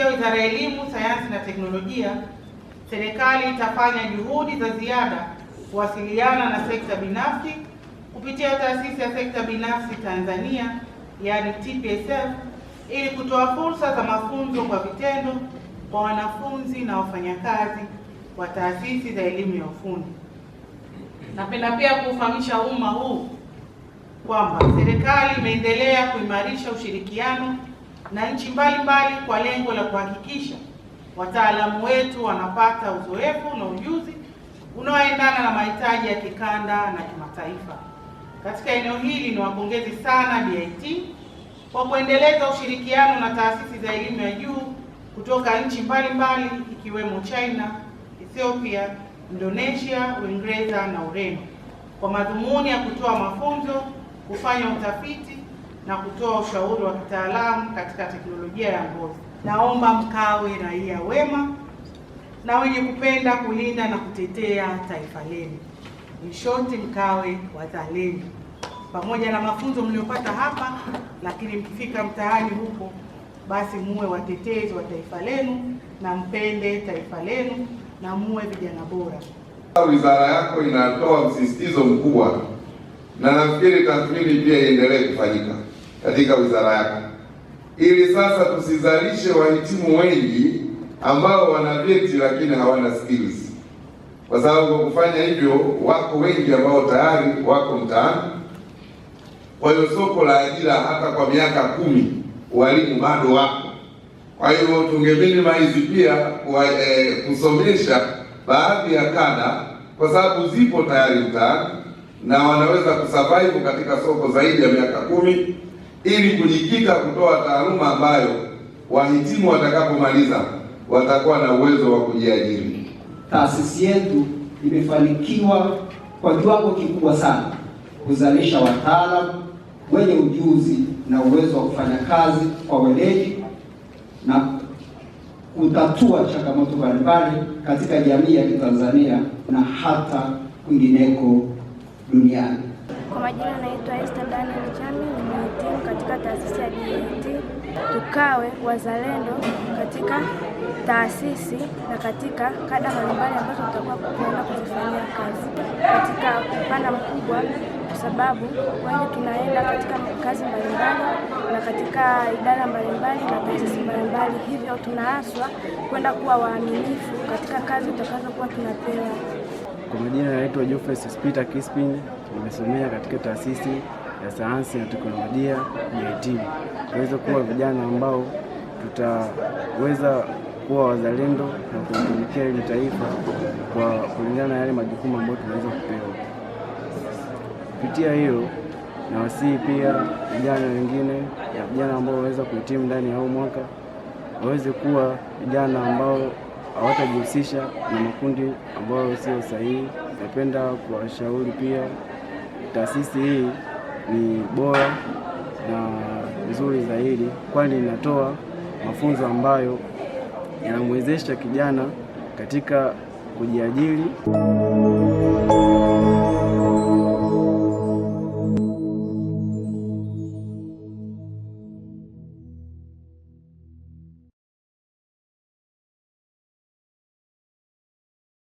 kupitia Wizara ya Elimu, Sayansi na Teknolojia, serikali itafanya juhudi za ziada kuwasiliana na sekta binafsi kupitia taasisi ya sekta binafsi Tanzania, yaani TPSF, ili kutoa fursa za mafunzo kwa vitendo kwa wanafunzi na wafanyakazi wa taasisi za elimu ya ufundi. Napenda pia kuufahamisha umma huu kwamba serikali imeendelea kuimarisha ushirikiano na nchi mbalimbali kwa lengo la kuhakikisha wataalamu wetu wanapata uzoefu na ujuzi unaoendana na mahitaji ya kikanda na kimataifa. Katika eneo hili, niwapongeze sana BIT kwa kuendeleza ushirikiano na taasisi za elimu ya juu kutoka nchi mbalimbali ikiwemo China, Ethiopia, Indonesia, Uingereza na Ureno kwa madhumuni ya kutoa mafunzo, kufanya utafiti na kutoa ushauri wa kitaalamu katika teknolojia ya ngozi. Naomba mkawe raia wema na wenye kupenda kulinda na kutetea taifa lenu. Nishoti, mkawe wazalendo. Pamoja na mafunzo mliopata hapa, lakini mkifika mtaani huko, basi muwe watetezi wa taifa lenu na mpende taifa lenu na muwe vijana bora. Wizara yako inatoa msisitizo mkubwa, na nafikiri tathmini pia iendelee kufanyika katika wizara yako, ili sasa tusizalishe wahitimu wengi ambao wana vyeti lakini hawana skills, kwa sababu kwa kufanya hivyo wako wengi ambao tayari wako mtaani. Kwa hiyo soko la ajira hata kwa miaka kumi walimu bado wako. Kwa hiyo tunge maizi pia eh, kusomesha baadhi ya kada, kwa sababu zipo tayari mtaani na wanaweza kusurvive katika soko zaidi ya miaka kumi ili kujikita kutoa taaluma ambayo wahitimu watakapomaliza watakuwa na uwezo wa kujiajiri. Taasisi yetu imefanikiwa kwa kiwango kikubwa sana kuzalisha wataalamu wenye ujuzi na uwezo wa kufanya kazi kwa weledi na kutatua changamoto mbalimbali katika jamii ya Kitanzania na hata kwingineko duniani. Kwa majina naitwa Esther Daniel Chami, ni mhitimu katika taasisi ya DET. Tukawe wazalendo katika taasisi na katika kada mbalimbali ambazo tutakuwa kuenda kuzifanyia kazi katika upana mkubwa, kwa sababu wengi tunaenda katika kazi mbalimbali na katika idara mbalimbali na taasisi mbalimbali, hivyo tunaaswa kwenda kuwa waaminifu katika kazi tutakazokuwa tunapewa. Kwa majina yanaitwa Jofes Peter Kispin, nimesomea katika taasisi ya sayansi na teknolojia JIT. Tuweze kuwa vijana ambao tutaweza kuwa wazalendo na kutumikia hili taifa kwa kulingana na yale majukumu ambayo tunaweza kupewa. Kupitia hiyo nawasihi pia vijana wengine na vijana ambao waweza kuhitimu ndani ya huu mwaka waweze kuwa vijana ambao hawatajihusisha na makundi ambayo sio sahihi. Napenda kuwashauri pia, taasisi hii ni bora na nzuri zaidi, kwani inatoa mafunzo ambayo yanamwezesha kijana katika kujiajiri.